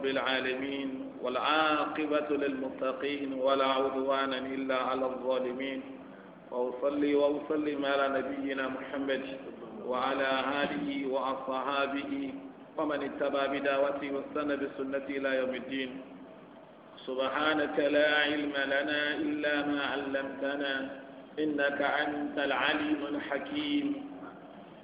رب العالمين والعاقبة للمتقين ولا عدوان إلا على الظالمين وأصلي وأسلم على نبينا محمد وعلى آله وأصحابه ومن اتبع بدعوته واستنى بسنته إلى يوم الدين سبحانك لا علم لنا إلا ما علمتنا إنك أنت العليم الحكيم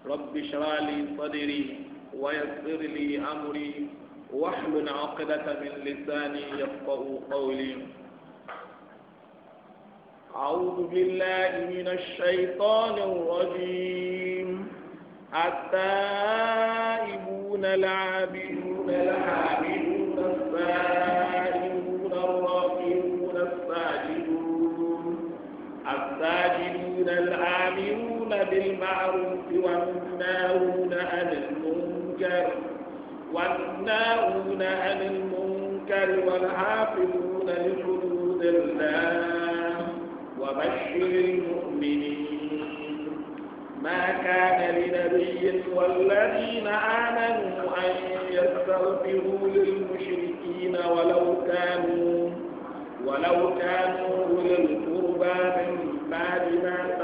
رب اشرح لي صدري ويسر لي أمري واحلل عقدة من لساني يفقه قولي أعوذ بالله من الشيطان الرجيم التائبون العابدون العابدون السائلون والناهون عن المنكر والحافظون لحدود الله وبشر المؤمنين ما كان لنبي والذين آمنوا أن يستغفروا للمشركين ولو كانوا ولو كانوا أولي القربى من بعد ما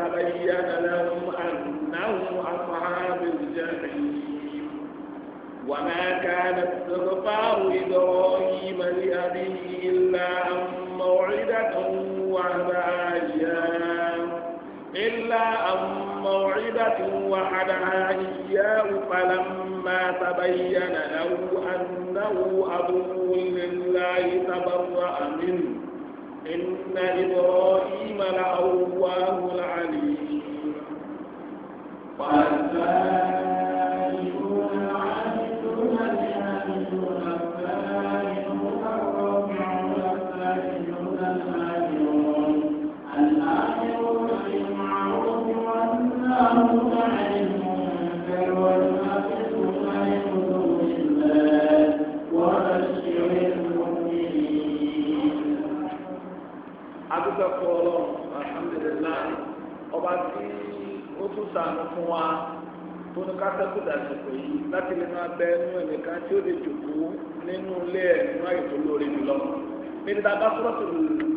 وما كان استغفار إبراهيم لأبيه إلا أن موعدة وعدها إياه إلا أن موعدة وعدها إياه فلما تبين له أنه عدو لله تبرأ منه إن إبراهيم لأواه العليم olóore jùlọ nínú tá a bá sọ́ọ̀tù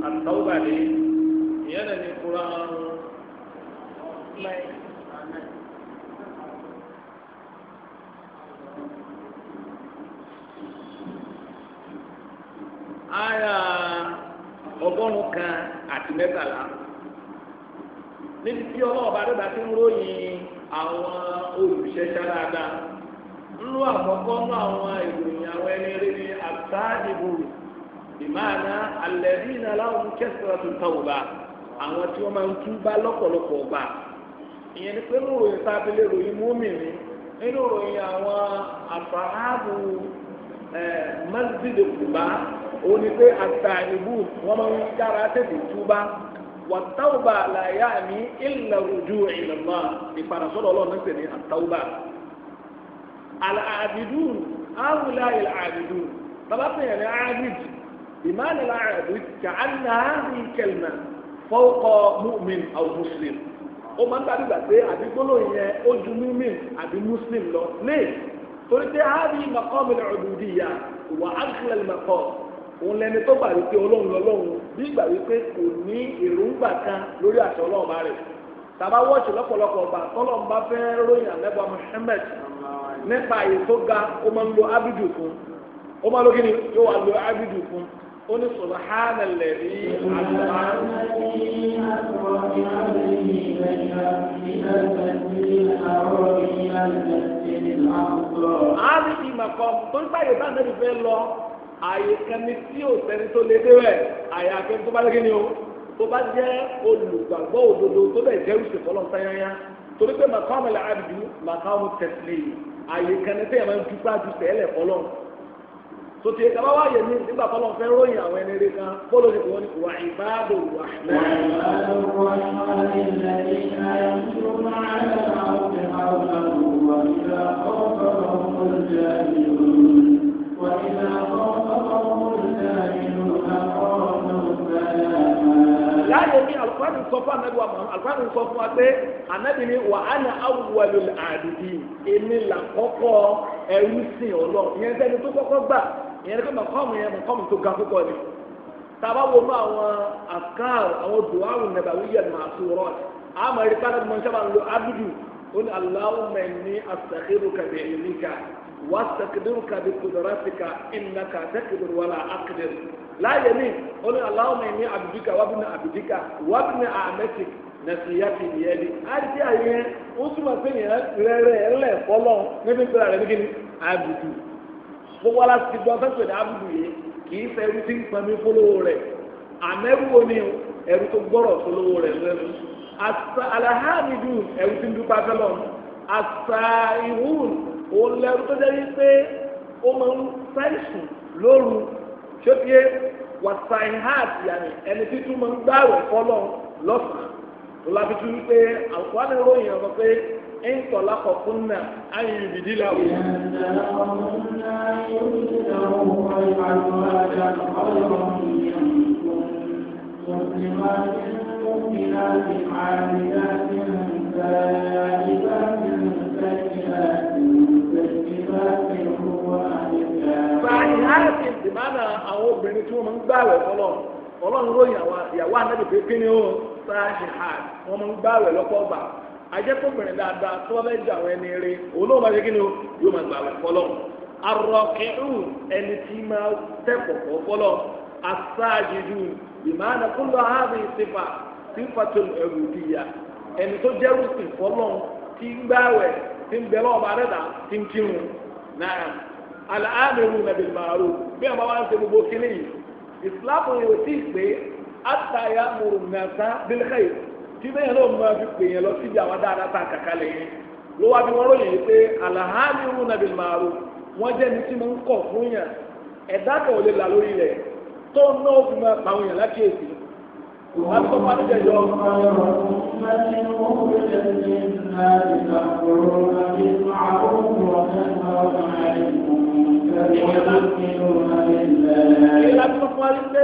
àtàwùgbà ní ìyẹn náà ní kúrò aya ọgọ́rùn kan àti mẹ́tàlá níbi tí ọlọ́ọ̀bá dọ́gba ti ń ròyìn àwọn olùṣẹ́ṣẹ́ dáadáa. nínú àkọ́kọ́ nínú àwọn ìròyìn àwọn ẹni rí ni àtàdìbò ìmáàna alẹ́rí iná láwọn kẹsàn-án tó ta òbá àwọn tí wọ́n máa ń túbá lọ́pọ̀lọpọ̀ ọba ìyẹn ni pé nínú ìròyìn tábìlẹ̀ ìròyìn múmìnì nínú ìròyìn àwọn àfàhàbù masjid kuba òun ni pé àtàdìbò wọ́n máa ń yára tètè túbá wàtàwùbà làyà mi ìlà rújú ìlànà ọlọ́run ní العابدون هؤلاء العابدون طبعا يعني عابد بمعنى العابد كأن هذه الكلمة فوق مؤمن أو مسلم mụmin máa ń dàbí gbà pé àbí yẹn ojú mímì muslim lọ torí pé al ya wà ángel maqam òun lẹni tó gbà wípé ọlọ́run lọ́lọ́run bí gbà wípé kò ní èròǹgbà kan lórí àṣẹ ọlọ́run bá rẹ̀ tàbá lọ́pọ̀lọpọ̀ Muhammad nípa àyè tó ga ó máa ń lo abidu fún ó máa lo ni yóò wá lo abidu fún ó ní subahana lẹ́rí àgbà. àbí ìmọ̀kọ tó ń báyìí bá nàbí fẹ́ lọ àyè kan tí ò sẹ́ni tó lé débẹ̀ àyè àfẹ́ tó bá lé ni o tó bá jẹ́ olùgbàgbọ́ òdodo tó bẹ̀ jẹ́ òṣèkọ́ lọ́nà sáyáyá torí pé màkàmù làbìdú màkàmù tẹ̀sílẹ̀ yìí àyè kan ní tẹ́yà máa ń dúpẹ́ àti sẹ́lẹ̀ fọlọ́ sotí ẹ̀ka bá wáyé ní nígbà fọlọ́ fẹ́ ròyìn àwọn ẹni rí kan bọ́ọ̀lù ti wọ́n ní wà ìbáàdò wà. láyé ní alùpàdé sọ fún anábìwá mọ́ alùpàdé sọ fún wa pé anabi ni wà á na awwalul àdìdì èmi là kọ́kọ́ ẹrú sìn ọlọ ìyẹn sẹni tó kọ́kọ́ gbà ìyẹn kọ́ mọ̀kọ́mù yẹn mọ̀kọ́mù tó ga púpọ̀ ni tàbá wo mú àwọn àkàr àwọn duwawu nàbàwíyà màsúrọ̀ àmọ̀ ẹ̀rí pàdé mọ̀ sábà ń lo abudu ó ní Allahumma inni astakhiruka bi ilmika wa astakdiruka bi qudratika innaka taqdir wala aqdir láyé mi ó ní Allahumma inni abdika wabna abdika wabna amatika nàfìyà ti yẹ ni àti àyẹ ó túmọ̀ pé yẹn rẹ́rẹ́ ẹlẹ́ fọlọ́ níbi ìpínlẹ̀ rẹ̀ nígbìn abudu gbogbo ala ti gbọ́ fẹ́sọ̀ ní abudu yìí kì í fẹ́ ẹrú tí ń pamí fọlọ́wọ́ rẹ̀ àmẹ́rù wo ni ẹrú tó gbọ́rọ̀ fọlọ́wọ́ rẹ̀ lẹ́nu alahamidu ẹrú tí ń dúpọ̀ afẹ́lọ́ asaihun òun lẹ́rú tó dẹ́ wípé ó máa ń sẹ́sùn lóru ṣé fi wàsáìhàt lábìtú wípé àkùránì ròyìn ọ̀rọ̀ pé ń tọ̀ lákọ̀ọ́kún náà ayé ìbìdí la wò. àwọn obìnrin tí wọ́n máa ń gbà wẹ̀ fọlọ́. ròyìn àwọn ìyàwó sáàjì hàn wọ́n máa ń gbààwẹ̀ lọ́pọ̀ gbà ajẹ́kọ̀bìnrin dáadáa tó bá jẹ àwọn ẹni rẹ òun náà máa ṣe kí ni o yóò máa gbààwẹ̀ fọlọ́ arọ́kẹ́rù ẹni tí máa tẹ́kọ̀ọ́ fọlọ́ asáàjì jù ìmáàna kúlọ̀ ààbò ìsìnfà sífàtò ẹ̀rù ìdíyà ẹni tó jẹ́rù ń ń ọba dà ń náà gbogbo kíní yìí tí ì pé àtàyà mòrò nàta bílẹ̀ yìí tí bẹ́ẹ̀ náà máa fi pè yẹn lọ síbi àwọn dáadáa tá a kàkà lẹ̀ yẹn ló wá bí wọ́n ròyìn yìí pé alahamiru nabil maru wọ́n jẹ́ ní tí mo ń kọ̀ fún yàn ẹ̀dá kan ò lè là lórí rẹ̀ tó fi máa pa àwọn yàn lákìyèsí alùpàpà níjẹ̀ yọ. ìlànà fún wa rí pé.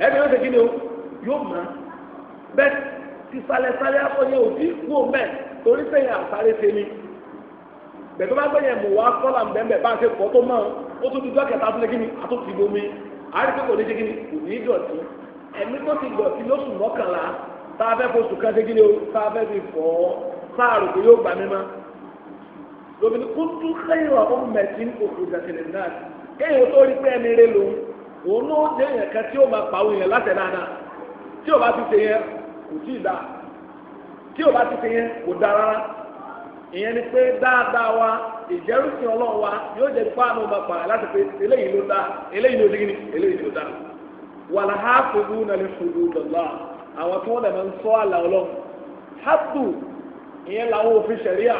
ẹni yóò segin ni o yóò mọ bẹ́ẹ̀ sísàlẹ̀sàlẹ̀ akọyẹ òbí kú o mẹ torí sẹ́yìn àsáré sẹni bẹ́ẹ̀ tó bá gbẹyẹ mọ wá kọlà mbẹmbẹ bá a ṣe pọ tó mọ o tó dúdú akẹta tó segin ni a tó ti bomi àárín pé kò ní segin ni kò ní dọ̀tí ẹni tó ti dọ̀tí lóṣù mọ́kànlá tá a fẹ́ fosù kan segin ni o tá a fẹ́ fi fọ́ sáà rò pé yóò gbà mí mọ́ lóbi ni kúntù xeyìrọ̀ ọ̀hún mẹ̀tí òkú ìdàtìlẹ̀ náà kéèyàn tó rí pé ẹni rẹ lòun òun ló jẹ́ yẹn kan tí ó máa pàwọn èèyàn látẹ̀ dáadáa tí ò bá ti ṣe yẹn kò tí ì dá tí ò bá ti ṣe yẹn kò dá rárá ìyẹn ni pé dáadáa wa ìjẹ́rìsìn ọlọ́run wa yóò jẹ́ pé àwọn ọmọ pààyàn láti pé eléyìí ló dá eléyìí ló dín ní eléyìí ló dá wàlá ha fòdú nàlẹ́ fòdú dọ̀lá àwọn tí wọ́n dẹ̀ ń sọ àlà ọlọ́run hàtù ìyẹn làwọn òfin ṣẹ̀ríà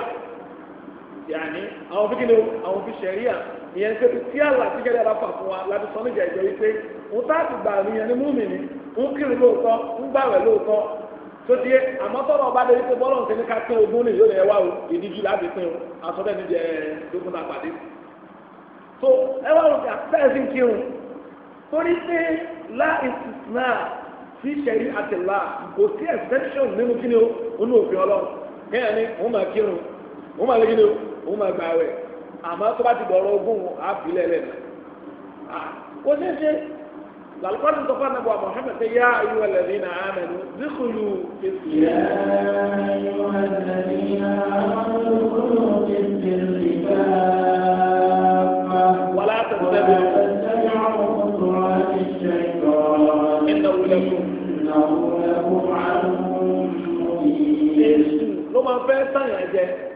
yàní àwọn òfin àwọn òfin ṣẹ̀ríà ìyẹn ṣe tí àlà tí gẹ́gẹ́ bá fà fún wa láti sọ níjà ìjọ wípé òun tá àti gbà mí yẹn múmi ni ń kiri lóòótọ́ ń lóòótọ́ tó di àmọ́ tọ́lọ̀ ọba dé wípé bọ́lọ̀ nǹkan ní ká pín ogún ní ìyóòlù yẹn wá o ìdíjú láti pín o náà pàdé. tó ẹ wá òkè kírun torí pé lá kò sí nínú kí ni òfin ọlọ́run àmọ́ tó bá ti dọ̀rọ̀ ogún àfilẹ̀ lẹ̀ náà kò ṣeé ṣe làlùkọ́ni tó fún anabu Muhammad ṣe yá ayé wà lẹ́ni nà ámẹ́nu díkùlù kẹsì. yá ayé wà lẹ́ni nà ámẹ́nu díkùlù kìsì rìbá. wàlá tẹ̀sẹ̀ ló máa fẹ́ sàyàn jẹ.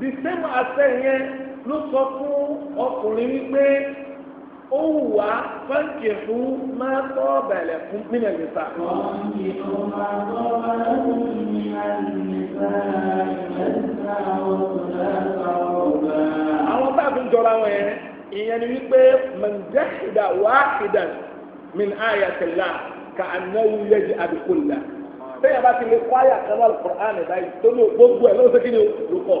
the same àṣẹ yẹn ló sọ fún ọkùnrin wípé ó wù wá fáǹkì fún máa tọ́ bẹ̀rẹ̀ fún nílẹ̀ nìta. fáǹkì fún máa tọ́ bẹ̀rẹ̀ fún nílẹ̀ nìta àwọn tá a fi ń jọra wọn yẹn ìyẹn ni wípé mọ̀njẹ́sìdà wáhìdà min ayatillah ka annahu yẹ́jì àbíkúlà. bẹ́ẹ̀ bá ti lè kọ́ àyà kan lọ́wọ́ alukur'an báyìí tó ní gbogbo ẹ̀ lọ́wọ́ sẹ́kìnnì lókọ̀.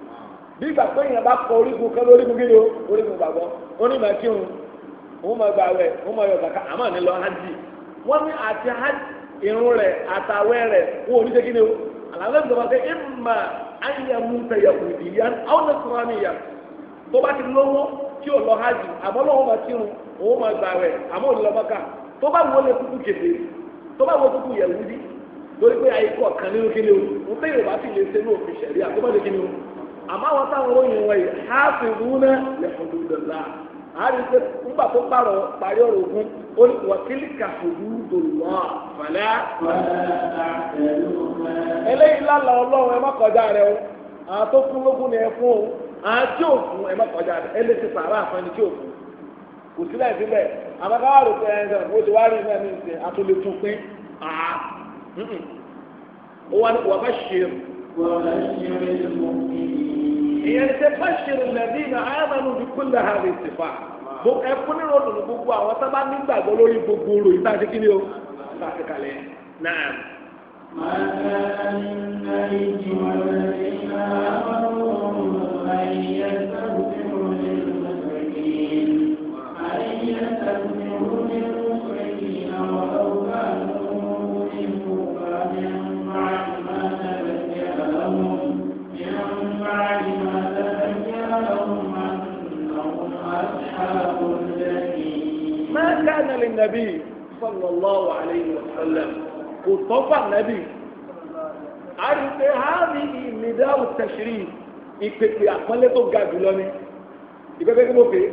bí ìgbà pé bá kọ orígun kan lórígun gírí o orígun gbàgbọ́ onímọ̀ kí òun òun mọ̀ gbà wẹ̀ òun mọ̀ yọ àmọ́ lọ hajj wọ́n ní àti hajj irun rẹ̀ rẹ̀ wọ́n ò ní ṣe ni o àlàyé pé ẹ mà àwọn ọ̀nà sọ̀rọ̀ tó bá ti lówó lọ hajj àmọ́ lọ́wọ́ mọ̀ kí òun òun mọ̀ àmọ́ ò àmọ́ àwọn táwọn ròyìn wọ̀nyí hafizuna li hududillah àárín pé nígbà tó pààrọ̀ parí ọ̀rọ̀ ogun ó ní wàtílíkà hududullah fàlẹ́. eléyìí lálẹ́ ọlọ́run ẹ má kọjá rẹ o àwọn tó kú lógún ni ẹ fún o àwọn tí ẹ má kọjá rẹ ẹ lè ti sàrà àfẹni tí ò kò sílẹ̀ sílẹ̀ àbákáwá rò pé ẹ̀ ẹ̀ ó ti wá rí iná ní ìyẹn ṣe fẹ́ṣirì lẹ́bí ní àyàmánu bí kúlẹ̀ ha lè ti fa ẹkún ní ròdùn gbogbo àwọn sábà nígbàgbọ́ lórí gbogbo rò yìí láti kíni o láti kalẹ̀ náà. Yeah. ما كان للنبي صلى الله عليه وسلم وطفى النبي عرف هذه نداء التشريف ìpèpè àpọ́nlé tó ga jùlọ ni ìpèpè kí mo pè é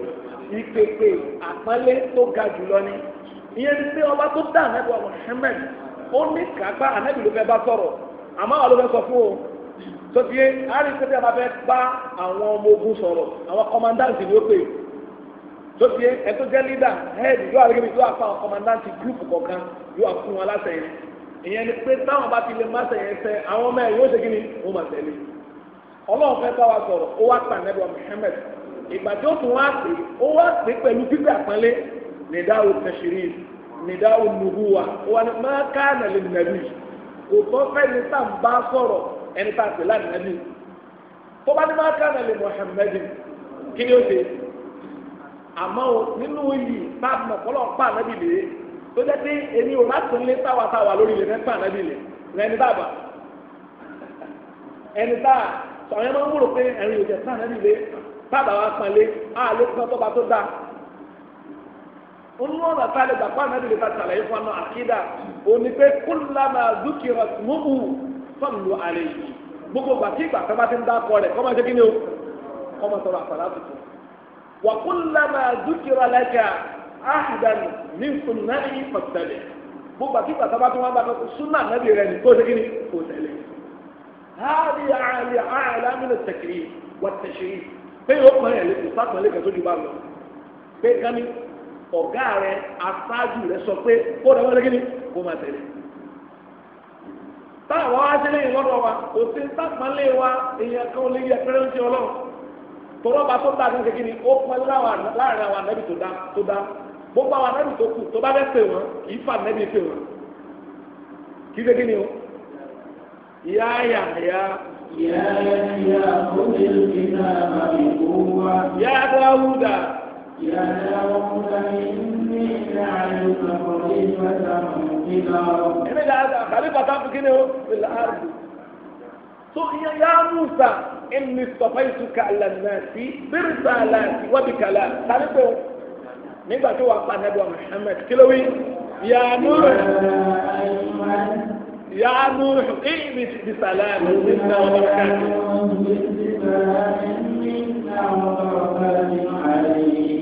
ìpèpè àpọ́nlé tó ga jùlọ ni ìyẹn ti pé ọba tó dá ànábì wa Muhammad ó ní kápá ànábì ló fẹ́ bá sọ̀rọ̀ àmọ́ àwọn ló fẹ́ sọ fún o tó fi é àrùn ìpèpè àbáfẹ́ bá àwọn ọmọ ogun sọ̀rọ̀ àwọn kọ́mándáǹtì ni ó pè é lọ́sí ẹ tó jẹ́ leader head yóò àrẹ́gẹ́ mi yóò àfa kọ́mandáǹtì group kọ̀ọ̀kan yóò àfún wọn láṣẹ yẹn ìyẹn ni pé táwọn bá ti lè má sẹ̀yẹ sẹ́ àwọn ọmọ ẹ̀ yóò ṣe kí ni wọ́n máa tẹ̀lé ọlọ́run fẹ́ bá wa sọ̀rọ̀ ó wá pa nẹ́bọ̀ Muhammad ìgbà tó tún wá pè ó wá pè pẹ̀lú gbígbà pẹ́lẹ́ nìdáwó tẹ̀sírì nìdáwó nùhùwà ó wà ní mẹ́ká nàlẹ́ nàbí kò tọ́ fẹ́ ní tá n bá sọ̀rọ̀ ẹni tá a pè láti nàbí tó bá ní o nàlẹ́ Muhammad kí ni ó ṣe àmọ́ o nínú iyì bá a mọ̀ kọ́lọ́ pa ànábì lè é tó jẹ́ pé èmi ò láti ń lé táwa táwa lórí ilẹ̀ mẹ́fà ànábì lè ẹni tá a bà ẹni tá a sọ̀rọ̀ yẹn máa ń wúrò pé ẹ̀rín ìjẹ̀ tá ànábì lè tábà wa pọn lé a lè pọn tó bá tó dá nínú ọ̀nà tá a lè gbà pa ànábì lè ta tàlàyé fún ọ̀nà àkídà òní pé kúlàmà dúkìrọ̀ mọ́mù fọ́ọ̀mù àlè yìí gbogbo gbàkígbà kọ́ وكلما ذكر لك أحدا من سنته فاتبع بوبا كيف تبعت ما بعد السنة نبي غني كوسكني كوسلي هذه أعلى أعلى من التكريم والتشريف في يوم ما يلي صار ملك تجيب الله في كمي ọ̀gá rẹ aṣáájú rẹ sọ pé kó rẹ wọlé kíni kó máa tẹ̀lé táwọn wá sílé ìlọ́dọ̀ wa kò sí sápánlé wa tọ́lọ́ bá tó dáa kékeré ni ó pẹ́ láàrin àwọn anábì tó dá tó dá gbogbo àwọn anábì tó kù tó bá fẹ́ pè wọ́n kì í fà anábì pè wọ́n kì í ṣe kíni o. ìyá yà yà. ìyá yà ó ní ìlú náà ìlú wa. yà á ní ìlú àyùbá kọ̀ọ̀dé ìfẹ́ta ìlà. ẹ̀mí làásà kàbí pàtàkì kíni o. so ìyá yà á inni sọfẹ́yìntúkà lẹ́nàásì bírísà láti wábìkàlà tàbí pé nígbà tó wà pa nẹ́bọ̀ Muhammad kílówì yàánú rẹ̀ yàánú rẹ̀ ìbí bisalaamu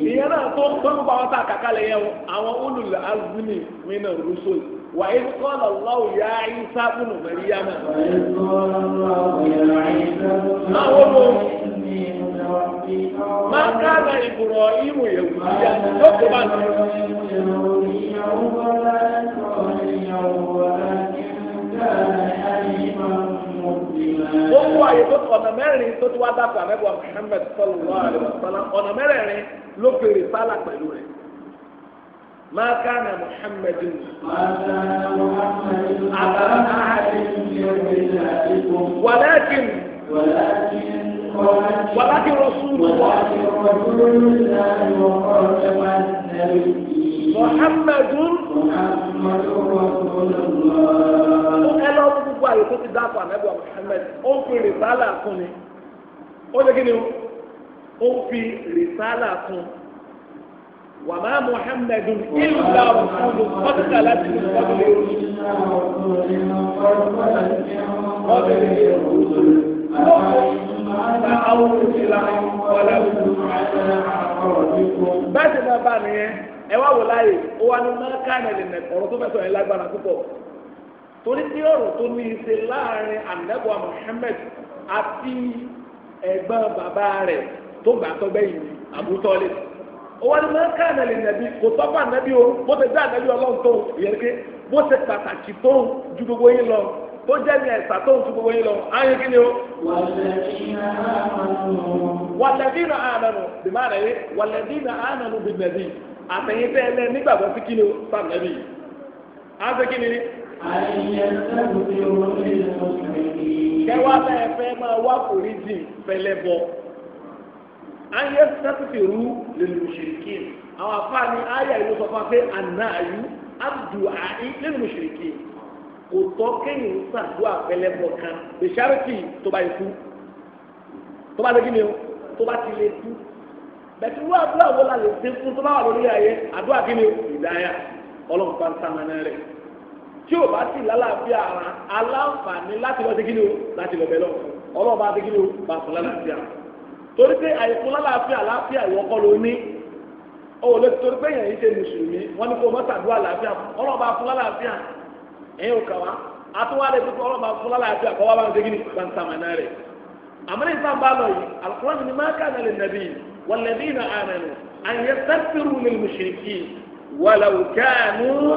ìyẹn náà tó tó ń bá wọn ta kàkálẹ̀ yẹn àwọn olùlọ azumi mina rusul wà á kọ́ lọ lọ́wọ́ yá isa bùnú mẹ́ríyàmà. máa wọ́n mú máa ká àgbà ìbùrọ̀ ìmù yẹ̀wù yíyá tó bá nù. Thank you ó kó àyè tó ọ̀nà mẹ́rin tó ti wá dàpọ̀ àmẹ́bọ̀ Muhammad sallallahu alaihi wasallam ọ̀nà mẹ́rẹ̀ẹ̀rin ló fèrè sálà pẹ̀lú rẹ̀ ما كان محمد أبا أحد ولكن ولكن رسول الله محمد محمد رسول الله àyè tó ti dáàbò ànábì Muhammad ó ń fi rìsálà kún ni ó ṣe kí ni ó ń fi rìsálà kún wà má Muhammadu ìlà òkúlù ọ̀dùnkà láti ní ọ̀dùnlé ọ̀dùnlé bẹ́ẹ̀ ti máa bá nìyẹn ẹ wá wò láàyè ó wá ní mọ́kánẹ̀lì nẹ̀ ọ̀rọ̀ tó fẹ́ sọ yẹn lágbára púpọ̀. torí pé ọ̀rọ̀ tó ní ṣe láàrin ànábọ̀ Muhammad àti ẹ̀gbọ́n bàbá rẹ̀ tó gbà tọ́gbẹ́ yìí àbútọ́lé wọ́n ní o bó ṣe dá ànábì ọlọ́run tó ìyẹn pé bó ṣe pàtàkì tó ju gbogbo yín lọ tó jẹ́ ní ẹ̀sà tó ju gbogbo yín lọ ànánu ànánu nígbàgbọ́ sí kí ni o kẹwàá bẹ́ẹ̀ fẹ́ máa wá foríjì fẹlẹ́bọ ayé sẹ́kùtìrú lẹ́nu mùsùlùkì àwọn afáàní ayé ìlú sọ fún wa pé àná àyú abdu àyí lẹ́nu mùsùlùkì kò tọ́ kéyìn sàdúrà fẹlẹ́bọ kan bẹ̀sàrìkì tó bá yẹ kú tó bá dégí ni o tó bá ti lè kú bẹ̀tí wọ́n àdúrà wọ́n la lè ṣe fún tó bá wà lórí ayé àdúrà kí ni o ìdáyà ọlọ́run pa ń sàmánà rẹ̀. tí o bá sì lálàáfíà ara aláǹfààní láti lọ dégínì o láti lọ bẹ lọ ọlọ́ọ̀ bá o bá fún lálàáfíà torí pé àìfún lálàáfíà ìwọ kọ́ ló ní o lè torí pé èèyàn yìí ṣe mùsùlùmí wọn ni kò mọ́ tàdúrà àlàáfíà ọlọ́ọ̀ bá fún lálàáfíà ẹ̀yin ò fún lálàáfíà kọ́ bá ń bá ń rẹ̀ ولو كانوا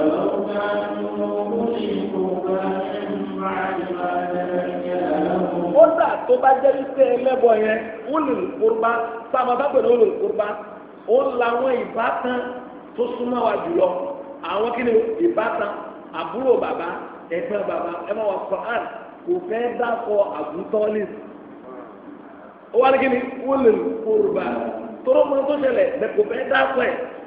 kódà tó bá jẹ́ wípé ẹlẹ́bọ yẹn ulul qurba sáwọn bá pè ní ulul qurba ó làwọn ìbátan tó súnmọ́ wa jùlọ àwọn kí ni ìbátan àbúrò bàbá ẹgbẹ́ bàbá ẹ máa wà Quran kò fẹ́ dákọ̀ àbútọ́lì ó wá ní kí ni ulul qurba tó ló mọ tó ṣẹlẹ̀ lẹ́kọ̀ọ́ fẹ́ dákọ̀ ẹ̀.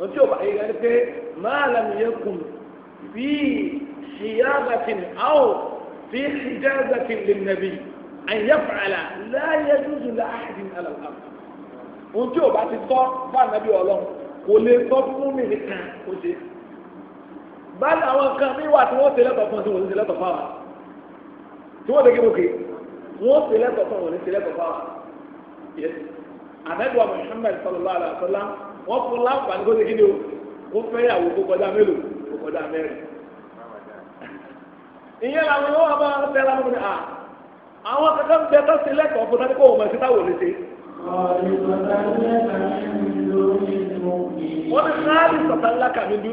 wọn tí o bá yẹ kí pé máa làm yẹ kùn bí ṣìyàgàtìn áwò bí ṣìyàgàtìn lè nàbí àyẹ̀fàlà láyé dúdú láàdì àlàlà wọn tí o bá ti tọ́ fún ànábì ọlọ́run kò lè tọ́ fún mi nìkan kó ṣe báyìí àwọn kan bí wà tí wọ́n ṣe lẹ́tọ̀ọ́ fún tí wọ́n ṣe lẹ́tọ̀ọ́ fáwọn tí wọ́n dẹ́gẹ́ bókè wọ́n ṣe lẹ́tọ̀ọ́ fún wọn ṣe lẹ́tọ̀ọ́ fáwọn. ànábì wa Muhammad sallallahu alaihi wa sallam wọ́n fún láǹfààní kó ṣe kí ni o ó fẹ́ ìyàwó kó kọjá mélòó kó kọjá mẹ́rin. ìyẹn làwọn yóò wá bá wọn tẹ́lá wọn ni à àwọn kankan bẹ tó ṣe lẹ́kọ̀ọ́ fún tani kó wọn mọ̀ sí táwọn ò lè ṣe. wọ́n ní káàdì sọ̀tà ńlá kàmí dú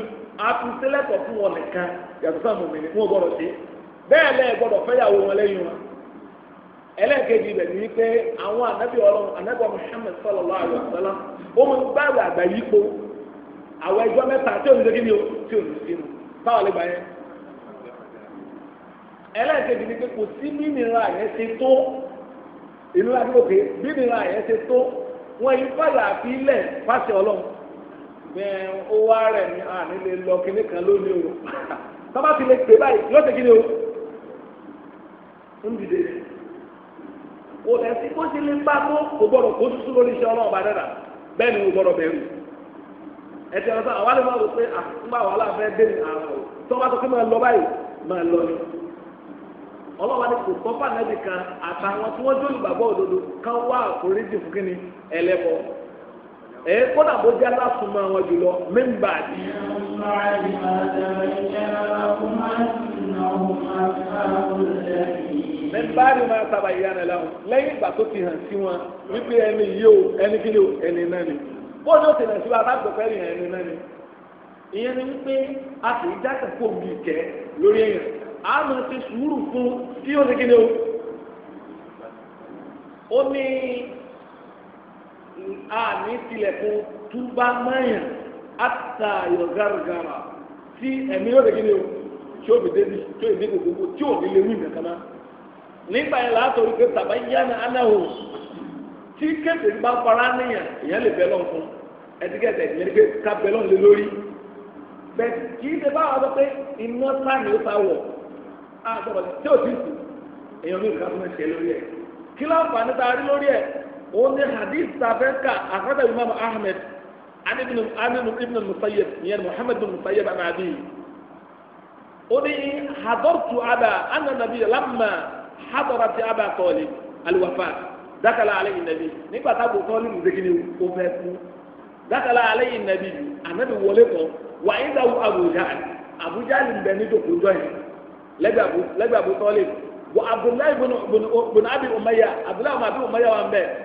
àti sílẹ̀kọ̀ fún wọn nìkan yàtọ̀ sáà mọ̀mìnì fún ọgbọ́dọ̀ ṣe bẹ́ẹ̀ lẹ́ẹ̀ gbọ́dọ̀ fẹ́yàwó wọn lẹ́yìn wọn ẹlẹ́ẹ̀kejì rẹ̀ ní pé àwọn ànábì ọlọ́run ànábì Muhammad sallallahu alaihi wasallam ó mú gbàgbé àgbà yìí po àwọn ẹjọ́ mẹ́ta tí òun ṣèkí ni o tí òun ṣe mu báwo lè gbà yẹn. ẹlẹ́ẹ̀kejì ni pé kò sí bí nira yẹn ṣe tó ìlú adúlókè bí nira yẹn ṣe tó wọn yìí fàlà àfi ilẹ̀ fàṣẹ ọlọ́run bẹ́ẹ̀ ó wá rẹ̀ ní àní lọ kíní kan lónìí o tọ́ba ti lè pè báyìí kò lẹ́sí kó ti lè gbá kó kò gbọ́dọ̀ kó tutù lórí iṣẹ́ ọlọ́run bá bẹ́ẹ̀ ni kò gbọ́dọ̀ bẹ̀rù ọ̀sán máa pé dé tó bá máa lọ báyìí máa lọ ni ọlọ́wà ni kò tọ́ àtàwọn tí wọ́n jó ìgbàgbọ́ òdodo kan ẹ eh, kọ́nà bó jẹ́ alásùnmọ́ àwọn jùlọ mẹ́mbà bí. mẹ́mbà rí máa sábà yíra náà láwọn lẹ́yìn ìgbà tó ti hàn sí wọn wípé ẹni yìí ẹni kí ni o ẹni náà ni bóyá ó ti hàn sí wa alágbèfẹ́ rìn ẹni náà ni ìyẹn ni wípé a sì ń jáde kó omi ìkẹ́ lórí èèyàn a máa ṣe sùúrù fún kí ó ṣe kí o. ó ní a ní tilẹ̀kùn túbá mẹ́yìn àtà ayọ̀ tí ẹ̀mí yóò dégé ní o tí ó fi débi tí ó fi débi gbogbo tí ò ní lè wí nìkan náà nígbà yẹn látọ̀rí pé tàbá yá ní anáwó tí kéde bá fara níyàn èèyàn lè bẹ́ lọ́n fún ẹ̀dígẹ́dẹ̀ ìyẹn pé ká bẹ́ lọ́n lé lórí bẹ́ẹ̀ kì í ṣe bá wà lọ pé iná sáàmì ó ta wọ̀ á sọ̀rọ̀ tí ò ti sùn èèyàn mi kà fún ẹ̀ṣẹ̀ lórí ẹ̀ kí láǹfààní ta òun ni hadith أخذ الإمام أحمد عن ابن عن ابن المسيب يعني محمد بن المسيب عن عدي أني حضرت أبا أن النبي لما حضرت أبا طالب الوفاة دخل عليه النبي نبقى أبو طالب ذكرني أمته دخل عليه النبي أنا ولده وعنده أبو جهل أبو جهل بني دكتور لبي أبو لبي أبو طالب وعبد الله بن بن بن أبي أمية عبد الله بن أبي أمية وأمبيه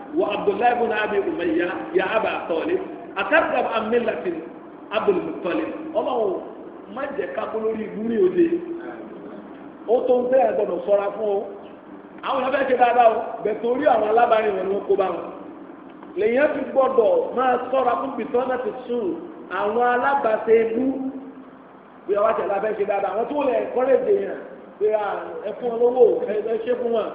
وعبد الله بن أبي أمية يا أبا طالب أترغب عن ملة عبد المطلب ọlọ́run má jẹ́ kápó lórí ìlú ní òde ó tó ń tẹ́ ẹ̀gbọ́dọ̀ sọ́ra fún ọ àwọn èèyàn fẹ́ ṣe dáadáa o bẹ̀tẹ̀ orí àwọn alábàárin wọn ni wọ́n kó bá wọn lèyìn fi gbọ́dọ̀ máa sọ́ra fún bìtọ́nà ti sùn àwọn alábàáṣe ibú bí ọwọ́ àti ẹ̀la fẹ́ ṣe dáadáa àwọn tó lẹ̀ kọ́lẹ́jì yẹn pé ẹ̀fún olówó ẹ̀ ṣe fún wọn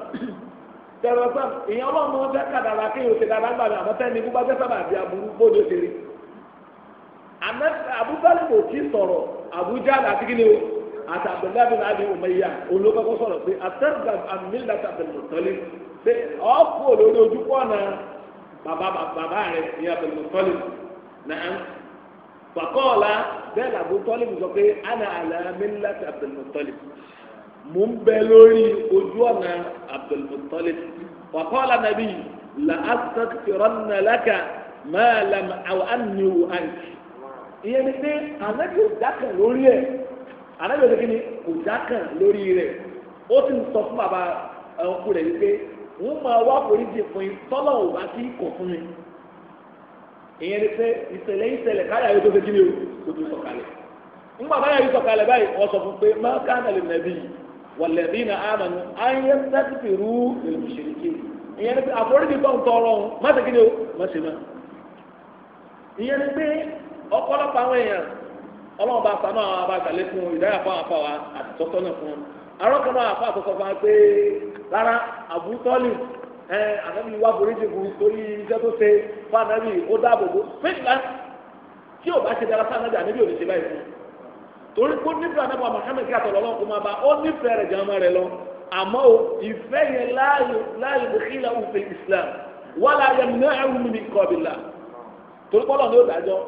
tẹ̀rọ sọ́n èèyàn ọlọ́run mọ́ fẹ́ kàdàrà kí yóò ṣe dáadáa gbàmí àmọ́ tẹ́ni gbogbo ajẹ́ sábà bí aburú bóde ṣe rí abúgbálẹ̀ kò tí sọ̀rọ̀ àbújá àti kí ni o àti abdullahi bin ali umayya olókòkò sọ̀rọ̀ pé àtẹ́gbà amílẹ̀tà abdulmọ̀tọ́lé pé ọ̀pọ̀ olórí ojú pọ̀nà bàbá bàbá rẹ̀ ní abdulmọ̀tọ́lé náà fàkọ́ọ̀lá bẹ́ẹ̀ làbútọ́lé mi sọ pé ana àlà amílẹ̀tà abdulmọ̀tọ́lé mò ń bẹ lórí ojú ọ̀nà Abdul Muttalib faqala nàbí la astaghfiranna laka ma lam anni anki. ìyẹn ni pé ànábì ò dákàn lórí ẹ̀ ànábì ò dákàn kò dákàn lórí rẹ̀ ó ti ń sọ fún bàbá ọkùnrin rẹ̀ wípé wọ́n máa wá foríjì fún yín tọ́lọ̀ ò bá sí kọ̀ fún mi ìyẹn ni pé ìṣẹ̀lẹ̀ ìṣẹ̀lẹ̀ káyà yóò tó ṣe kí ni o kò tó sọ̀kalẹ̀ ńgbà báyà yóò sọ̀kalẹ̀ báyìí wọ́n fún pé má kánà lè nàbí yìí wàlẹ́dínà àmàlù na sẹ́tìfìrú ìlùmùsìlìkì ìyẹn ni pé àforíjì ihe ń tọrọ ọ̀hún má ṣe kíni o má ṣe má. ni pé ọ̀pọ̀lọpọ̀ àwọn èèyàn ọlọ́run bá sanú àwọn abàgbàlẹ̀ fún ìdáyà fún àfa wa àti afọ náà torí kó nífẹ̀ẹ́ anábọ̀ Muhammad kí àtọ̀ lọ́wọ́ kó máa bá ó nífẹ̀ẹ́ rẹ̀ jàmọ́ rẹ̀ lọ àmọ́ o ìfẹ́ yẹn láàyò láàyò ìlà òfin Islam wà láàyè mìíràn ẹ̀rù mi ní kọ́bìlà torí kọ́ lọ́ọ̀ ní ó dájọ́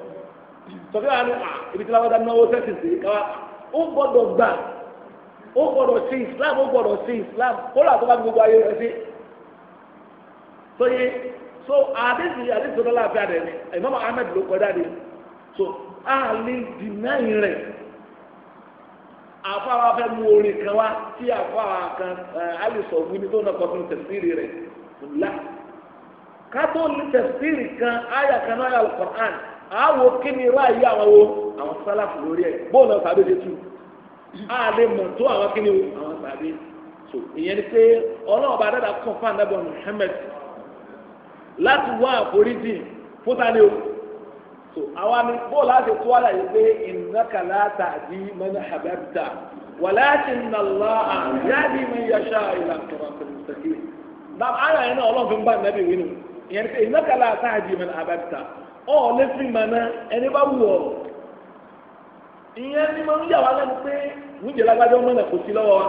sọfẹ́ wa ni à ah, ibi tí láwọn dáná owó sẹ́sìn sí káwá ó gbọ́dọ̀ gbà ó gbọ́dọ̀ sí Islam ó gbọ́dọ̀ sí Islam kó lọ́ọ̀ tó gbogbo ayé rẹ̀ sí sọye so àdéhùn àdéhùn tó lọ́la fẹ́ àdéhùn Imam Ahmed ló kọjá de so àlè dìnnáyìn rẹ̀ àfáwá fẹ́ mú orin kan wá tí àfáwá kan alùsọ̀ wí ní tó nà kọ́tún tẹ̀sírì rẹ̀ ńlá kátó tẹ̀sírì kan àyà kan náà yà lùkọ̀án àwọ̀ kí ni irú àyè àwọn wo àwọn sálàfù lórí ẹ̀ bóòlù ọ̀sà àbẹ̀dẹ̀ tù á lè mọ̀ tó àwọn kí ni wo àwọn sàbẹ̀ so ìyẹn ni pé ọlọ́ọ̀bà dáadáa kàn fún àdàbọ̀ Muhammad láti wá àforíjì fúta ni o. so àwa ni bóòlù àti tó àlàyé pé innaka la tahdi man hababta walakinna laa yahdi man yasha'u ila siratin mustaqim náà àyà yẹn náà ọlọ́run fi ń bá nàbí wínú innaka la tahdi man ahbabta ọ̀ lẹ́sìn mọ́ná ẹni bá wù ọ́ ìyẹn ni mo ń yà wá lẹ́nu pé níjẹ́ lágbájọ́ na kò sí lọ́wọ́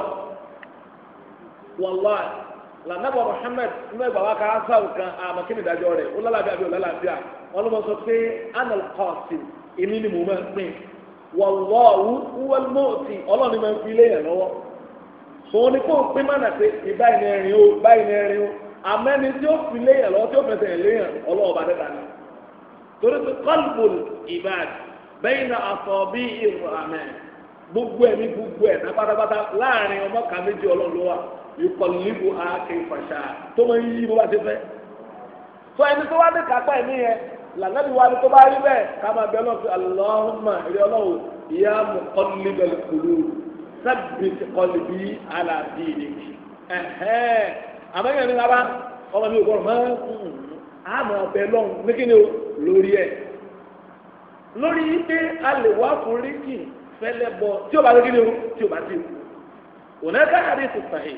wa la Muhammad nínú ẹgbàá wa ká asaw kan àmọ́ kí ni bi rẹ̀ ó lálàbíà bí ó lálàbíà wọn pé anal Qasim emi ni mò ń máa ni fi ilé yẹn lọ́wọ́ sọ ni kó o pín pé ìbáyìí ní o báyìí ní o àmẹ́ni tí ó fi lé yẹn lọ́wọ́ tí ó fẹsẹ̀ lé yẹn ọlọ́wọ́ bá dẹ́ta ni torí ibad gbogbo ẹ̀mí gbogbo ẹ̀ náà pátápátá láàrin yukọlibu ake fàṣà tó máa ń yí bó bá ti fẹ́. sọ ẹni tó wá ní kápá ẹ̀mí yẹn làǹgàdì wa ni tó bá rí bẹ́ẹ̀ ká máa bẹ́ẹ̀ lọ́sọ̀ Allahumma rí ọlọ́run ìyá mu kọ́lí bẹ̀rẹ̀ kúrú sábìtì kọ́lí bí aláàbí ni. àmọ́ yẹn ní kaba ọmọ mi ò gbọ́dọ̀ máa bẹ́ẹ̀ lọ́run ní kí ni o lórí ẹ̀ lórí pé a wá foríkì fẹ́lẹ́ bọ tí o bá lórí ni o tí o bá ti òun náà ká àdéhùn sàhìn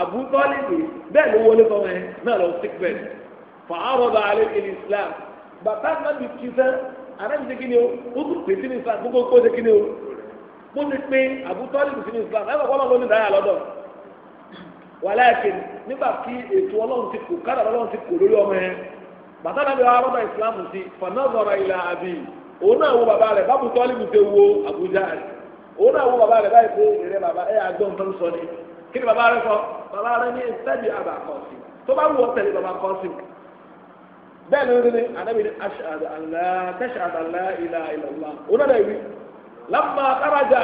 àbútọ́lìbì bẹ́ẹ̀ ló wọlé sọmọ yẹn náà lọ sí pẹ́ fàárọ̀dọ̀ alẹ́ ìlú islam bàtà nàbì kìsẹ́ anábì ṣe kíni o ó tún pèsè ní islam gbogbo kó ṣe kíni o mo ti pé àbútọ́lìbì sí ní islam ẹ̀ lọ́kọ́ lọ́wọ́ ló ní dáyà lọ́dọ̀ wàláàkìn nígbà tí ètò ọlọ́run ti kò kádà ọlọ́run ti kò lórí ọmọ yẹn bàtà nàbì arọ́dọ̀ islam sí fanazọ̀rọ̀ ilà àbí òun náà wo bàbá rẹ̀ bábùtọ́lìbì ṣe kí ni bàbá rẹ sọ bàbá rẹ ní ìtẹ́jú àbà kọ́sì tó bá wù ọ́ tẹ̀lé bàbá kọ́sì bẹ́ẹ̀ ni wọ́n ní anábì ní aṣáàdà àlá tẹ̀síàdà àlá ìlà ìlàlá onáda ìwí lámà kárajà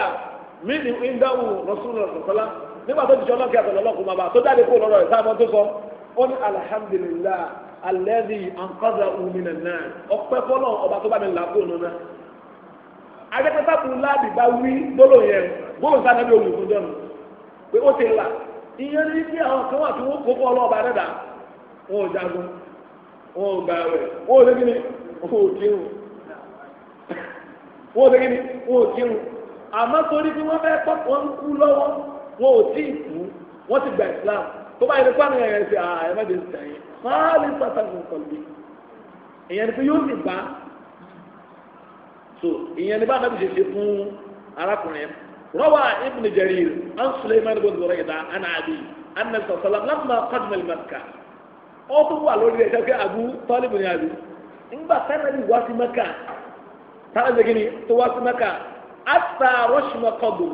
mí ni ìdáhù rọ́sùlù rọ̀sọ̀lá nígbà tó ti sọ lọ́kì àtọ̀lọ́ lọ́kùn bàbá tó jáde kó lọ́rọ̀ ẹ̀ sáàmọ́ tó sọ ó ní alhamdulillah alẹ́dì ànkọ́dà òmìnira náà ọpẹ́ fọlọ́ ọba tó bá mi làákò nù náà. ajẹ́pẹ́sàkùn láàbì bá wí gbólóyè gbólóyè sáà pé ó ti là ìyẹn ní bí àwọn kan wà tí wọ́n kó fọ́ ọlọ́ọ̀bá dẹ́dà wọn ò jagun wọn ò gbà rẹ̀ wọn ò lé kíni wọn ò kírun wọn ò lé kíni wọn ò kírun àmọ́ torí bí wọ́n fẹ́ pọ̀ wọ́n ń kú lọ́wọ́ wọn ò tí ì kú wọ́n ti gba Islam tó báyìí nípa ni ẹ̀rẹ̀ ṣe ààrẹ ah, má dé sàn máa lè pàtàkì nǹkan lè ìyẹn ni pé yóò sì gbà so ìyẹn ni bá àbábí ṣe ṣe fún arákùnrin yẹn. روى ابن جرير عن سليمان بن زريدة عن أبي أن النبي صلى الله عليه وسلم لما قدم المكة أوتوا على ولد يشوف أبو طالب بن أبي إن بسنا دي واسي مكة ترى زكني تواسي مكة حتى رشم قبر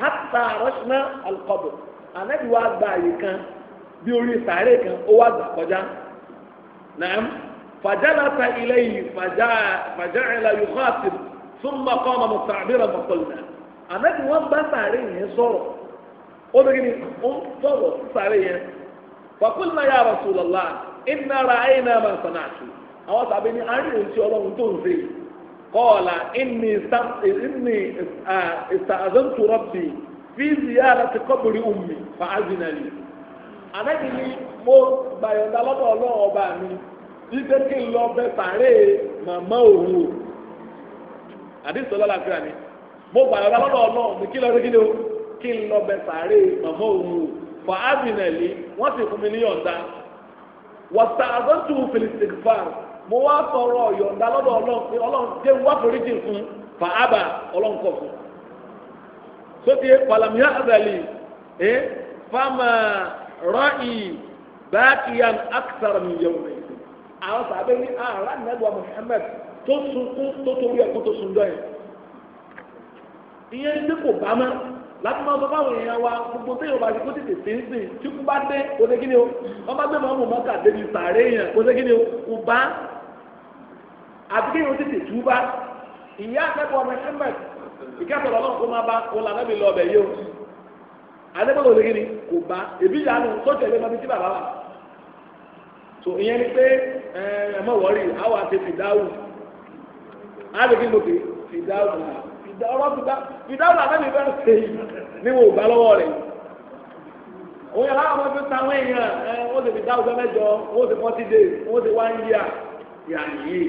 حتى رشم القبر أنا دي واحد بعدي كان بيوري سعره كان نعم فجلس إليه فجاء فجعل يخاطب ثم قام مستعبرا فقلنا àmẹ́tí wọ́n bá sàárè yẹn sọ̀rọ̀ obìnrin ni ó ń sọ̀rọ̀ sàárè yẹn wàkúlù náà yà Rasulullah inna ra'ayna ma sana'tu àwọn sàbẹ̀ ni àárín òsì ọlọ́run tó ń ṣe kọ́ọ̀là inni ummi fa mo mo gbà yọ̀dá lọ́dọ̀ ọlọ́run kí lọ sí kíni o kí n lọ bẹ sàárè màmá òun fà á wọ́n fún mi ní yọ̀ǹda wọ́tà àgọ́tù mo wá tọrọ yọ̀ǹda lọ́dọ̀ ọlọ́run pé jẹ́ wá foríjì fún fà á bà fún sókè ẹ fama rọ́ì mi Muhammad tó sunkún tó torí ẹ̀kú tó ìyẹn ní pé kò bá mọ́ láti máa sọ fáwọn èèyàn wa gbogbo tí yorùbá ti kó tètè sí ń sìn tí kú bá dé kó sé kí ni o wọ́n bá gbé màmú mọ́kà débi sàárè èèyàn kó sé kí ni o kò bá àti kéèyàn tètè tú bá ìyá akẹ́kọ̀ọ́ mẹ́kẹ́mẹ́ ìkẹ́kọ̀ọ́ lọ́nà kó máa bá kó lànà mi lọ ọbẹ̀ yìí o adébọ̀lọ̀ lè gini kò bá èbí yanu sọ́jà ẹgbẹ́ mọ́bí tí bàbá wà so ìyẹn ni pé ẹ ẹ mọ̀ wọ́rì àwọn àti fìdáwù á ọ̀rọ̀ ti dá ìdáhùn àtàbí bẹ́ẹ̀ ṣe yìí ni gbà lọ́wọ́ rẹ̀ òun yàrá àwọn fi ta ẹ wọ́n ti fi mẹ́jọ wọ́n ti days wọ́n ti one year yà nìyí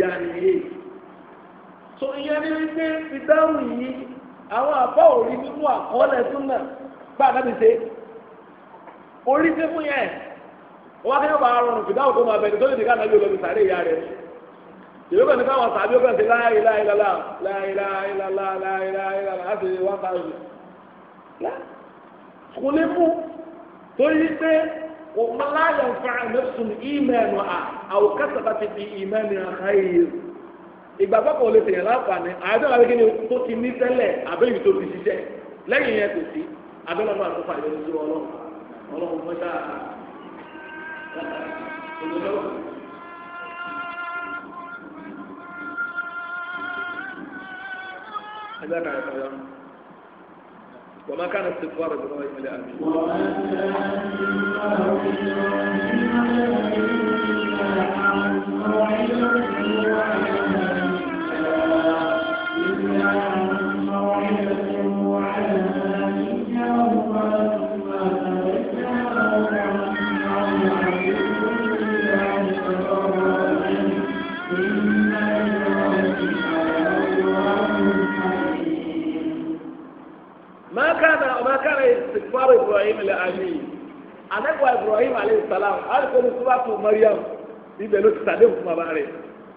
yà so ìyẹn ní wípé ìdáhùn yìí àwọn àbá òrí nínú àkọọ́lẹ̀ gbà ṣe orí fún yẹn wọ́n á tó ìlú kan ní káwọn sàbí ọkàn sí láyé láyé lálá láyé láyé lálá láyé láyé lálá láti wá sáré lẹ. kò lè mú torí pé kò má láyọ̀ nfa ẹ̀mẹ́sùn ìmẹ̀nu à àwòkásà bá ti di ìmẹ̀nu àkáyè ìgbàgbọ́ kan ò lè tẹ̀yẹ̀ láǹfààní àádọ́ra wíkí ni tó ti ní tẹ́lẹ̀ àbẹ́yìí tó ti ṣiṣẹ́ lẹ́yìn yẹn kò sí abẹ́lẹ́ náà tó fàyẹ̀ lójú ọlọ́run ọlọ́run mọ́ṣáà وما كان استغفار ابراهيم لابيه وما كان kánà ọ̀ma kánà ìsìnkúrò Ibrahim lè àmì anẹ́kọ̀ọ́ Ibrahim alayhi salam alikọ́ni sọ́wọ́tò Mariam ibẹ̀ ló ti sàdé fún bàbá rẹ̀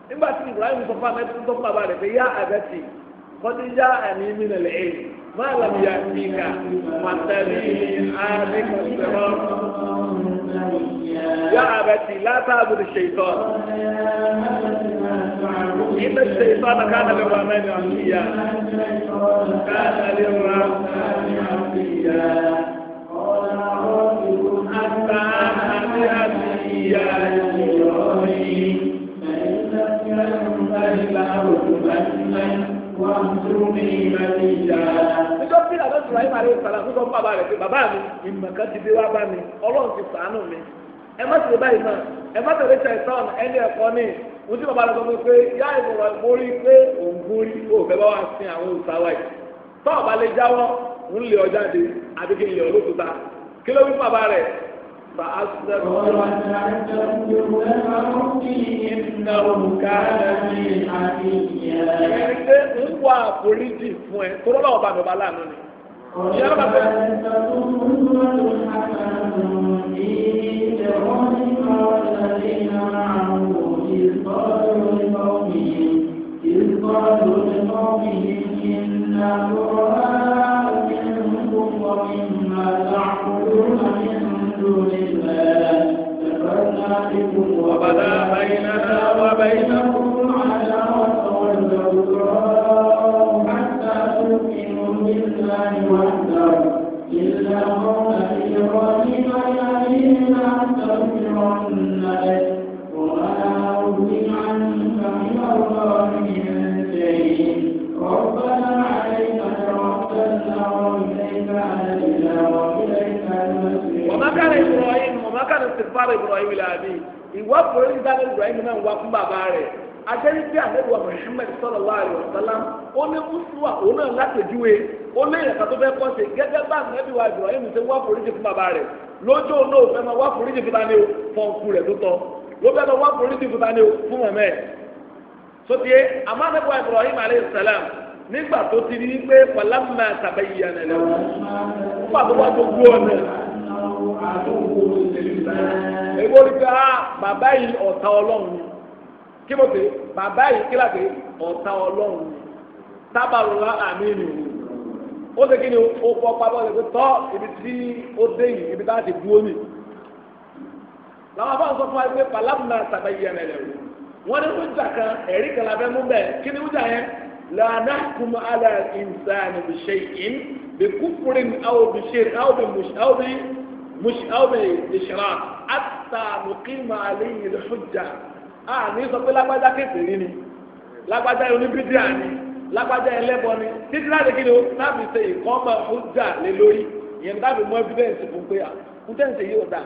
nígbà tí Ibrahim sọ fún amẹ́tí sọ fún bàbá rẹ̀ pé yá àbẹ́tì kọ́ni ما لم يأتيك مثليه الصراط يا أبتي لا تعبد الشيطان إن الشيطان كان للرحمن عصيا كان للرحمن عصيا قال ربكم حتى أتي يا فإن Nígbà tí àlọ́ sọ̀rọ̀ ayé màrí ìsàlà fún sọ́n bàbá rẹ̀ pé bàbá mi ìmọ̀ká ti dé wá bá mi ọlọ́run ti sàánù mi. Ẹ má ṣe báyìí náà ẹ má tẹ̀lé ṣe ìtàn ẹni ẹ̀kọ́ ní mo ti bàbá rẹ̀ sọ pé yá ìmọ̀ràn mórí pé òun mórí kó fẹ́ bá wà sin àwọn òṣàwà yìí. Tọ́ọ̀ bá lè jáwọ́ ń lè ọjà dé àbí kí n lè ọ فأصدق ń wá àforíjì fún ẹ tó lọ́wọ́ bá mi bá láàánú ni. ìyá bàbá إنا براء منكم ومما تعبدون من لله كفرنا بكم وبدا إلا قول إبراهيم يا إبراهيم لأستغفرن لك kàdé sèpárì Ibrahim làbí ìwà pòlì ìdáná Ibrahim náà wà fún bàbá rẹ̀ ajẹ́rí bí àdéhùwà Muhammad sallallahu alaihi wasallam ó ní usuwa òun náà látẹ̀júwe ó ní ìyàtọ̀ tó fẹ́ kọ́ ṣe gẹ́gẹ́ bá àdéhùwà Ibrahim ṣe wá foríjì fún bàbá rẹ̀ lójó náà ò fẹ́ máa wá foríjì fún tani o fún ọkù rẹ̀ tó tọ́ ló fẹ́ máa wá foríjì fún tani o fún mọ̀mẹ́ sotie àmọ́ àdéhùwà Ibrahim alaihi salam nígbà tó ti rí pé pàlámà tàbí ìyànà èwo ni pé ah bàbá yìí ọ̀tá ọlọ́run ni kí mo pè é bàbá yìí kí láti ọ̀tá ọlọ́run ni sábàlúwà àmì ni ó ṣe kí ni ó fọ́ pápá ọ̀sẹ̀ tọ́ ibi tí ó dé yìí ibi tá a ti dúró mi làwọn afọ àǹsọ fún wa pé palamuna sàbẹ yìí ẹ̀rẹ̀ rẹ̀ wọ́n ní wújà kan ẹ̀rí kan lábẹ́ mú bẹ́ẹ̀ kí ni wújà yẹn lànà kùmọ̀ àlà ìnsàn bìṣe ìn bìkúfúrin àwọn bìṣe àwọn bìmùṣe àwọn bìmùṣe. مش قوي إشراك حتى نقيم عليه الحجة آه نيسا بلا بدا كتيريني لا بدا يوني بدياني لا بدا يلبوني تجرى لكي هو نبي سي قوم حجة للوري ينبغي مو evidence بمكويا ntẹ́nse yìí ò da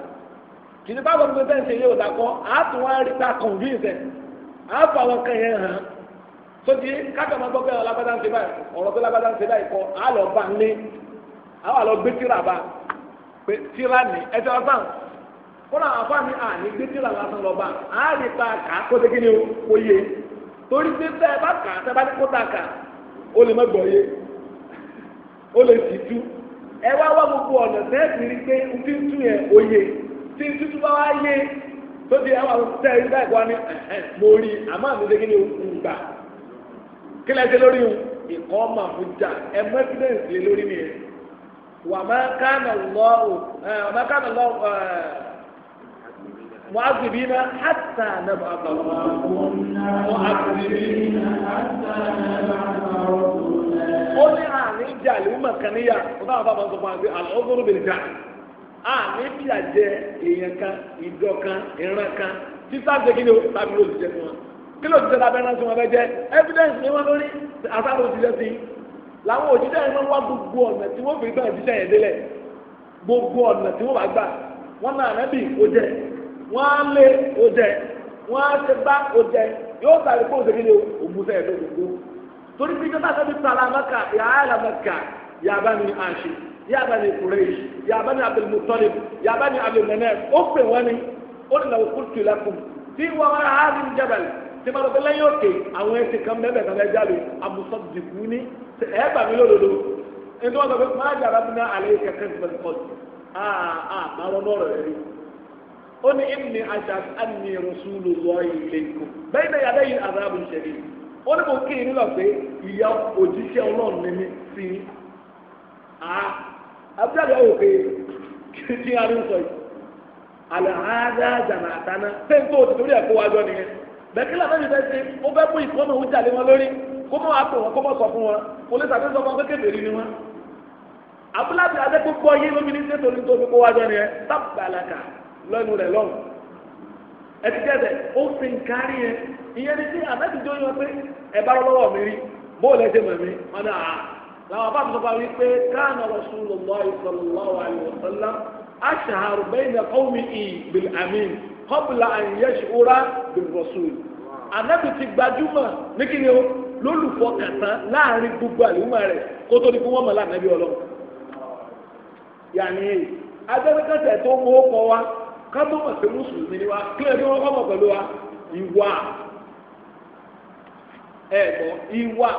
kìdí bá gbọ́dọ̀ ntẹ́nse yìí ò da kọ́ àtún wá rí ta convince àfa àwọn kan yẹn hàn sotí kákàmá gbọ́ pé ọ̀làbàdàn ti báyìí ọ̀rọ̀ tó làbàdàn ti báyìí kọ́ àlọ́ bá ń lé àwọn àlọ́ gbé tìrà bá pé tíra ni ẹjọ́ ọ̀sán kọ́nà àfáàní àní gbé tíra lásán lọ́ba àárí ta kà á kó kí ni ó yé torí pé tẹ́ ẹ bá kà á tẹ́ bá ní kó ta kà ó lè má gbọ́ yé ó lè sì tú ẹ wá wá gbogbo ọ̀nà tẹ́ ẹ ti rí pé tí ń tú yẹn ó yé tí ń tútú bá wá yé tó di ẹ wá tẹ́ ẹ bá ìwá ni mo rí àmọ́ àmì tẹ́ kí ni ó ń gbà kí lẹ́sẹ̀ lórí ìkọ́ ọmọ àfújà ẹ mọ́ ẹ́fídẹ́ǹsì lórí nìyẹn. وما كان الله وما كان الله معذبين حتى نبعث رسولا قل عن الجهل والمكانية بابا سبحانه العذر بالجهل èèyàn kan ìjọ kan ìran kan títà jẹ kí ni ó tàbí ló jẹ fún wọn kí ló jẹ tàbí ẹran tí wọn fẹ́ jẹ evidence ni wọn lórí àtàlù jẹ sí i. làwọn òjíṣẹ́ yẹn máa ń wá gbogbo ọ̀nà tí wọ́n fi gbà òjíṣẹ́ yẹn délẹ̀ gbogbo ọ̀nà tí wọ́n bá gbà wọ́n náà ànábì ó jẹ wọ́n á lé ó jẹ wọ́n á ti bá ó jẹ yóò sáré kó òṣèré lé òmùsẹ̀ yẹn lórí gbogbo torí pé jọba sábẹ́ sàlá mẹ́ka yàrá yàrá mẹ́ka yàrá ni àṣì yàrá ni kùrẹ́ṣì yàrá ni Abdul Muttalib yàrá ni Abdul Manaf ó pè wọ́n ni ó lè lọ́wọ́ kúrtù lakum tí wọ́n ní jabal ẹ gbà mí lódodo ẹni tó wọn sọ pé má jà bá bínú àlẹ́ yìí kẹ̀kẹ́ nípa ẹ̀kọ́ sí aa aa má lọ lọ́rọ̀ rẹ rí ó ní ìmì àṣà àmì rọ̀ṣúlù lọ́ọ̀yì lẹ́kọ̀ọ́ bẹ́ẹ̀ náà yàrá yìí àdáàbò ìṣẹ̀lẹ̀ ó ní mo kí ni lọ pé ìyá òjíṣẹ́ ọlọ́run ní mi sí i aa abúlé àwọn òkè kí ni a ní sọ yìí àlàáda jàmà àtàná pé n tó o ti torí ẹ̀kọ́ wájọ nìyẹn bẹ́ẹ̀ kí làbẹ́ mi fẹ́ ṣe ó fẹ́ mú ìkọ́nà ó kó mọ́ wá pè wọ́n kó mọ́ sọ fún wọn kó lè sàbẹ̀ sọ fún pé kébèrè ni wọn. abúláṣẹ adẹ́kọ̀ gbọ́ yé lómi ní sẹ́tò ní tóbi kó wá jọ nìyẹn tábàlàkà lọ́nu rẹ̀ lọ́hùn. ẹtìkẹ́tẹ̀ ó fi ń kárí yẹn ìyẹn ni tí àmẹ́tìjọ́ yọ pé ẹ bá lọ́wọ́ mi rí bó lẹ́ ṣe mẹ̀mí wọn ni àá làwọn bá sọ fún mi pé káàna rasulullahi sallallahu alaihi lólùfọkàntán láàrin gbogbo àlùmọ́ rẹ̀ kó tó ní fún wọn mọ̀ lánàbí ọlọ́run. yàní adẹ́rẹ́kẹ́sẹ̀ tó mú ó kọ wa ká tó sí mùsùlùmí ni wa kílẹ̀ bí wọ́n pẹ̀lú wa ìwà ìwà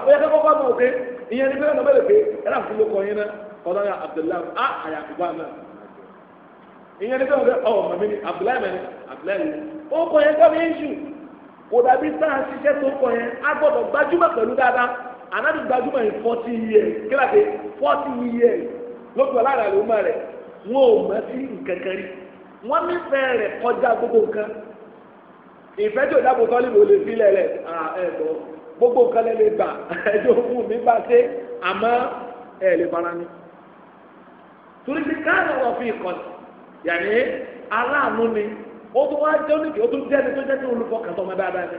ó yẹ ìyẹn ní pé kọ yín náà ní Abdullahi àyàkùbá náà ìyẹn ní ni Abdullahi Abdullahi ó kọ yẹn mi ń kò dàbí sáà ṣiṣẹ́ tó kọ yẹn a gbọ́dọ̀ gbajúmọ̀ pẹ̀lú dáadáa ànábì gbajúmọ̀ yìí forty years kíláàsì forty years lójú alára rẹ̀ ọmọ rẹ̀ wọn ò mọ̀ sí nǹkan kan rí wọ́n nífẹ̀ẹ́ rẹ̀ kọjá gbogbo nǹkan ìfẹ́ tí òdàbò tọ́lì ló lè fi lẹ̀lẹ̀ ẹ̀dọ́ gbogbo nǹkan lè gbà ẹjọ́ fún mi bá ṣe àmọ́ ẹ̀ lè fara mi. torí ti káàdì wọn fi ìkọ̀tì yàrá aláàánú ni ó tún wá jẹ́ oníkì ó tún jẹ́ ẹni tó jẹ́ kí olùkọ́ kàtọ́ ọmọ dáadáa ni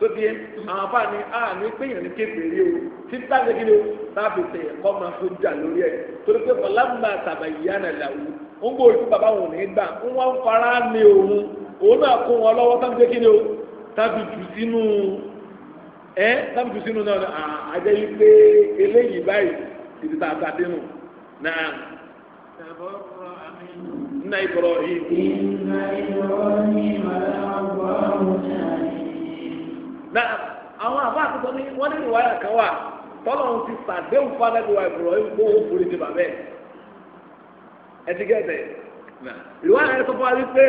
tóbi yẹn àwọn afáàní àní péyàn ní kékeré o títà kékeré o táàbì tẹ ẹ̀kọ́ máa fún jà lórí ẹ̀ torí pé fọláńgbà tàbá ìyá nà làwù ń gbọ́ ojú bàbá wọn ní gbà ń wọ́n fara ní òun òun náà kó wọn lọ́wọ́ táàbì kékeré o táàbì jù sínú ẹ táàbì jù sínú náà àjẹ́ yìí pé eléyìí إن إبراهيم إن إبراهيم لأواه نعم àwọn àbá àtúntò ní wọn nínú wáyà kan wà tọ́lọ́run ti sàdéhùn fádàgbé wa Ibrahim kó o forí ti bàbẹ́ ẹ ti gẹ́tẹ̀ ìwà yẹn sọ fún wa wípé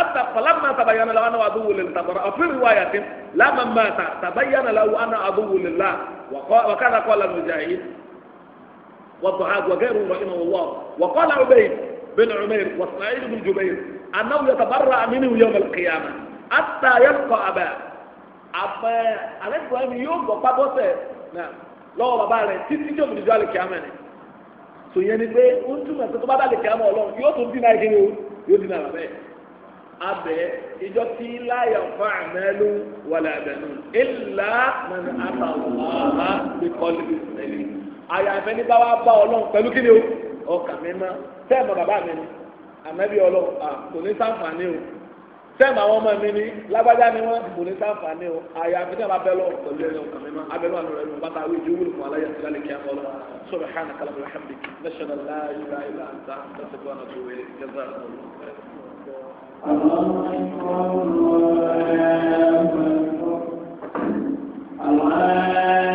ata falama tabayana la ana adu wulil tabara afin riwayatin lama mata tabayana la ana adu wulil la wa kana qala mujahid wa dhahab wa ghayru rahimahu Allah wa qala ubayd بن عمير وسعيد بن جبير أنه يتبرأ منه يوم القيامة حتى يبقى أباه أبا عليه السلام يوم وقبضته نعم lọ́wọ́ bàbá rẹ̀ títí tí òmìnira alẹ́ kí á mẹ́rin tò yẹn ni pé ó ń túmọ̀ sí tó bá dá lè kí á mọ̀ ọlọ́run yóò tún dínà ìkíni o yóò dínà àbẹ́ abẹ́ ìjọ tí láyà fún àmẹ́lú wàlẹ̀ àbẹ̀nú ìlà mẹ́rin àtàwọn àbá lè kọ́ lè fi sẹ́lẹ̀ àyàfẹ́ ní bá wá bá ọlọ́run pẹ̀lú kíni o ọkà mímọ́ sẹ́ẹ̀mù bàbá mi ni ànábì ọlọ́ kò ní sáǹfààní o sẹ́ẹ̀mù àwọn ọmọ mi ni lágbájá ni wọ́n kò ní sáǹfààní o àyà àfi náà bẹ lọ pẹ̀lú ẹ̀yọ abẹ́lú àná rẹ̀ ló bá ta ìdí wúlò fún aláyà sílẹ̀ kí á lọ sọ̀rọ̀ hàn kàlámù alhamdulilayi national láàyè láàyè láàyè láàyè láàyè